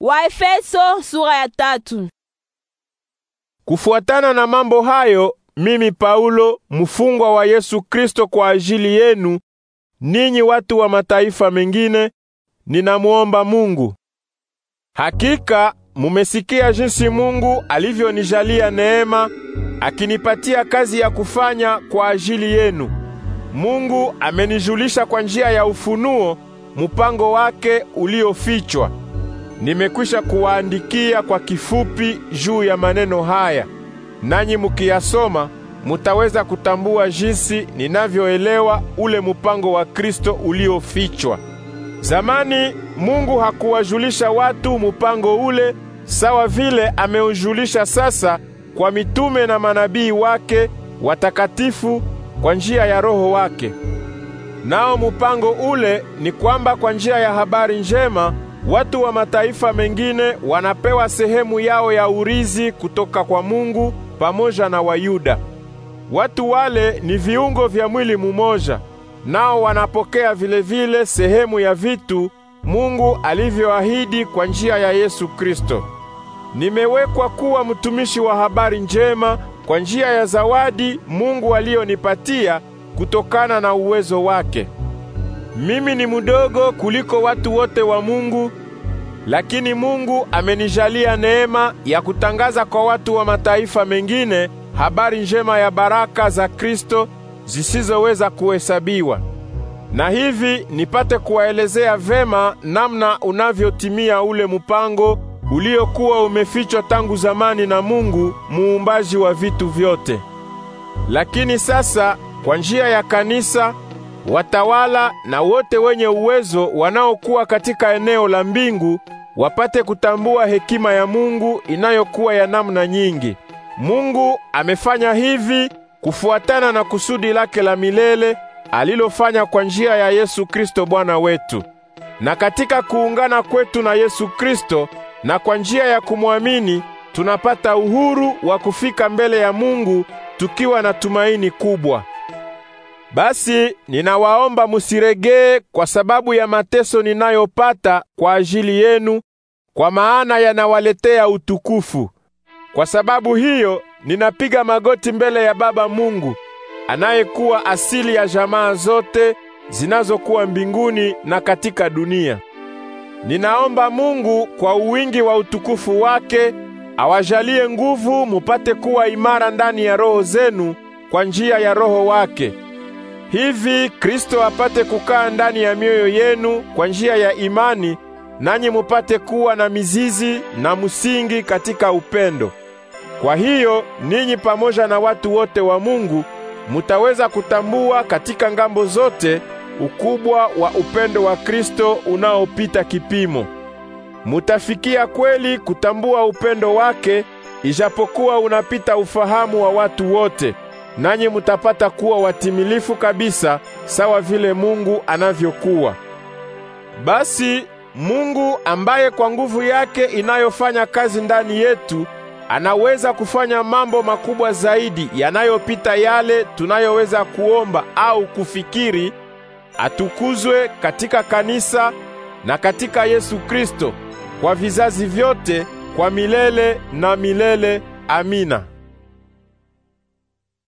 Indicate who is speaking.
Speaker 1: Waefeso sura ya tatu. Kufuatana na mambo hayo, mimi Paulo mfungwa wa Yesu Kristo kwa ajili yenu ninyi watu wa mataifa mengine, ninamwomba Mungu. Hakika mumesikia jinsi Mungu alivyonijalia neema akinipatia kazi ya kufanya kwa ajili yenu. Mungu amenijulisha kwa njia ya ufunuo mupango wake uliofichwa Nimekwisha kuwaandikia kwa kifupi juu ya maneno haya, nanyi mukiyasoma mutaweza kutambua jinsi ninavyoelewa ule mupango wa Kristo uliofichwa. Zamani Mungu hakuwajulisha watu mupango ule sawa vile ameujulisha sasa kwa mitume na manabii wake watakatifu kwa njia ya Roho wake. Nao mupango ule ni kwamba kwa njia ya habari njema Watu wa mataifa mengine wanapewa sehemu yao ya urizi kutoka kwa Mungu pamoja na Wayuda. Watu wale ni viungo vya mwili mumoja, nao wanapokea vile vile sehemu ya vitu Mungu alivyoahidi kwa njia ya Yesu Kristo. Nimewekwa kuwa mtumishi wa habari njema kwa njia ya zawadi Mungu aliyonipatia kutokana na uwezo wake. Mimi ni mdogo kuliko watu wote wa Mungu, lakini Mungu amenijalia neema ya kutangaza kwa watu wa mataifa mengine habari njema ya baraka za Kristo zisizoweza kuhesabiwa. Na hivi nipate kuwaelezea vema namna unavyotimia ule mpango uliokuwa umefichwa tangu zamani na Mungu muumbaji wa vitu vyote. Lakini sasa kwa njia ya kanisa watawala na wote wenye uwezo wanaokuwa katika eneo la mbingu wapate kutambua hekima ya Mungu inayokuwa ya namna nyingi. Mungu amefanya hivi kufuatana na kusudi lake la milele alilofanya kwa njia ya Yesu Kristo Bwana wetu. Na katika kuungana kwetu na Yesu Kristo na kwa njia ya kumwamini tunapata uhuru wa kufika mbele ya Mungu tukiwa na tumaini kubwa. Basi ninawaomba musiregee kwa sababu ya mateso ninayopata kwa ajili yenu, kwa maana yanawaletea utukufu. Kwa sababu hiyo ninapiga magoti mbele ya Baba Mungu anayekuwa asili ya jamaa zote zinazokuwa mbinguni na katika dunia. Ninaomba Mungu kwa uwingi wa utukufu wake awajalie nguvu mupate kuwa imara ndani ya roho zenu kwa njia ya Roho wake hivi Kristo apate kukaa ndani ya mioyo yenu kwa njia ya imani, nanyi mupate kuwa na mizizi na msingi katika upendo. Kwa hiyo ninyi pamoja na watu wote wa Mungu mutaweza kutambua katika ngambo zote ukubwa wa upendo wa Kristo unaopita kipimo. Mutafikia kweli kutambua upendo wake, ijapokuwa unapita ufahamu wa watu wote nanyi mutapata kuwa watimilifu kabisa sawa vile Mungu anavyokuwa. Basi Mungu ambaye kwa nguvu yake inayofanya kazi ndani yetu anaweza kufanya mambo makubwa zaidi yanayopita yale tunayoweza kuomba au kufikiri, atukuzwe katika kanisa na katika Yesu Kristo kwa vizazi vyote, kwa milele na milele. Amina.